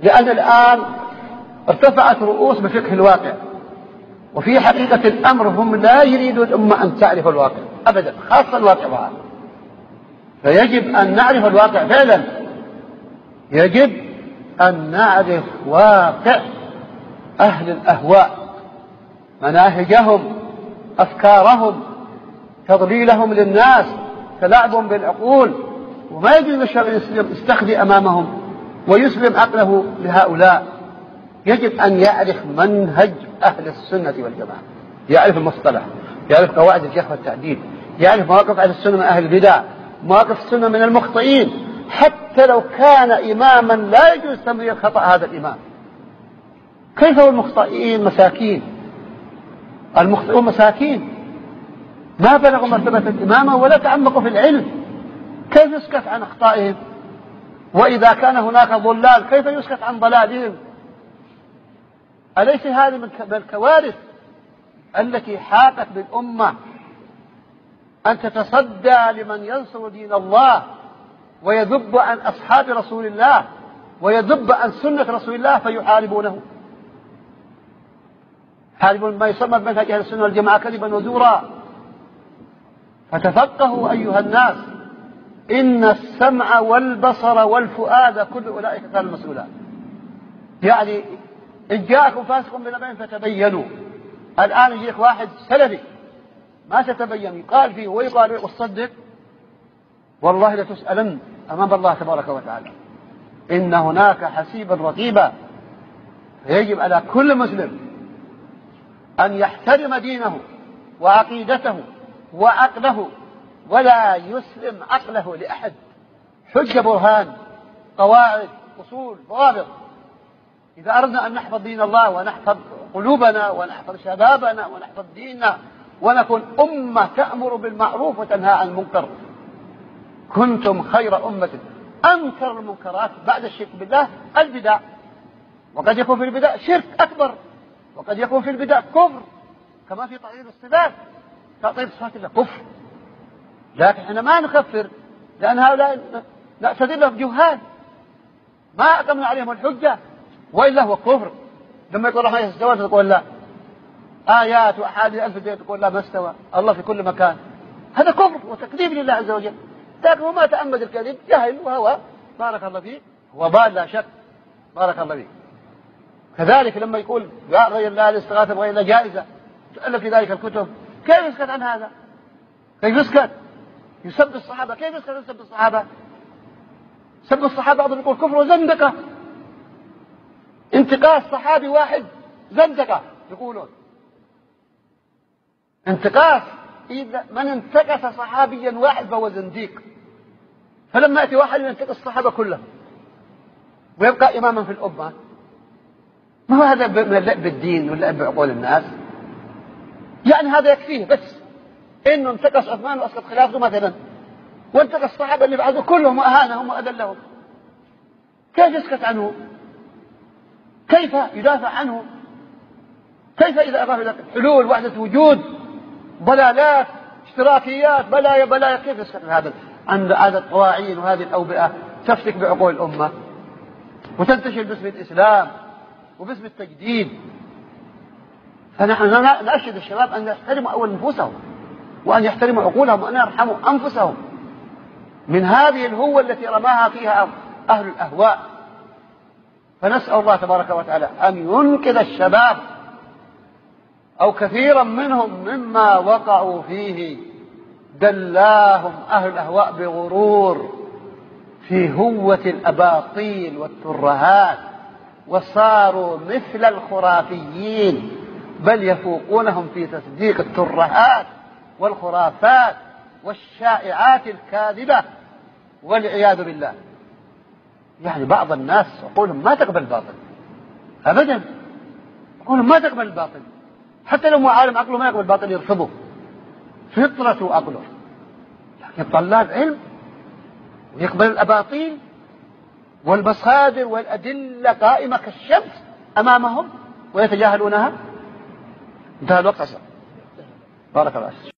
لأن الآن ارتفعت رؤوس بفقه الواقع وفي حقيقة الأمر هم لا يريدون الأمة أن تعرف الواقع أبدا خاصة الواقع بها. فيجب أن نعرف الواقع فعلا يجب أن نعرف واقع أهل الأهواء مناهجهم أفكارهم تضليلهم للناس تلاعبهم بالعقول وما يجوز الشرع يستخدم أمامهم ويسلم عقله لهؤلاء يجب أن يعرف منهج أهل السنة والجماعة يعرف المصطلح يعرف قواعد الجهل والتعديل يعرف مواقف أهل السنة من أهل البدع مواقف السنة من المخطئين حتى لو كان إماما لا يجوز تمرير خطأ هذا الإمام كيف والمخطئين مساكين المخطئون مساكين ما بلغوا مرتبة الإمامة ولا تعمقوا في العلم كيف يسكت عن أخطائهم وإذا كان هناك ضلال كيف يسكت عن ضلالهم أليس هذه من الكوارث التي حاقت بالأمة أن تتصدى لمن ينصر دين الله ويذب عن أصحاب رسول الله ويذب عن سنة رسول الله فيحاربونه يحاربون ما يسمى بمنهج أهل السنة والجماعة كذبا وزورا فتفقهوا أيها الناس إن السمع والبصر والفؤاد كل أولئك كانوا المسؤولان يعني إن جاءكم فاسق بنبأ فتبينوا الآن يجيك واحد سلفي ما تتبين يقال فيه ويقال فيه والصدق والله لتسألن أمام الله تبارك وتعالى إن هناك حسيبا رقيبا يجب على كل مسلم أن يحترم دينه وعقيدته وعقله ولا يسلم عقله لأحد حجة برهان قواعد أصول ضوابط إذا أردنا أن نحفظ دين الله ونحفظ قلوبنا ونحفظ شبابنا ونحفظ ديننا ونكون أمة تأمر بالمعروف وتنهى عن المنكر كنتم خير أمة أنكر المنكرات بعد الشرك بالله البدع وقد يكون في البدع شرك أكبر وقد يكون في البدع كفر كما في تعطيل الصفات تعطيل الصفات الله كفر لكن احنا ما نكفر لأن هؤلاء نعتذر لهم جهال ما أقمنا عليهم الحجة وإلا هو كفر لما يقول الله ما يستوى تقول لا آيات وأحاديث ألف تقول لا ما استوى الله في كل مكان هذا كفر وتكذيب لله عز وجل لكن ما تعمد الكذب جهل وهوى بارك الله فيه وبال لا شك بارك الله فيه كذلك لما يقول لا غير لا الاستغاثة بغير لا جائزة تؤلف في ذلك الكتب كيف يسكت عن هذا؟ كيف يسكت؟ يسب الصحابة كيف يسب الصحابة سب الصحابة بعضهم يقول كفر وزندقة انتقاص صحابي واحد زندقة يقولون انتقاص إذا من انتقص صحابيا واحد فهو زنديق فلما يأتي واحد ينتقص الصحابة كلهم ويبقى إماما في الأمة ما هو هذا من اللعب بالدين واللعب بعقول الناس يعني هذا يكفيه بس انه انتقص عثمان واسقط خلافته مثلا وانتقص الصحابه اللي بعده كلهم واهانهم واذلهم كيف يسكت عنه؟ كيف يدافع عنه؟ كيف اذا أضاف إلى حلول وحده وجود ضلالات اشتراكيات بلايا بلايا كيف يسكت عن هذا؟ عن هذا الطواعين وهذه الاوبئه تفتك بعقول الامه وتنتشر باسم الاسلام وباسم التجديد فنحن نأشد الشباب أن يحترموا أول نفوسهم وأن يحترموا عقولهم وأن يرحموا أنفسهم من هذه الهوة التي رماها فيها أهل الأهواء فنسأل الله تبارك وتعالى أن ينقذ الشباب أو كثيرا منهم مما وقعوا فيه دلاهم أهل الأهواء بغرور في هوة الأباطيل والترهات وصاروا مثل الخرافيين بل يفوقونهم في تصديق الترهات والخرافات والشائعات الكاذبة والعياذ بالله يعني بعض الناس عقولهم ما تقبل الباطل أبدا عقولهم ما تقبل الباطل حتى لو عالم عقله ما يقبل الباطل يرفضه فطرة عقله لكن طلاب علم ويقبل الأباطيل والمصادر والأدلة قائمة كالشمس أمامهم ويتجاهلونها انتهى الوقت أصلا بارك الله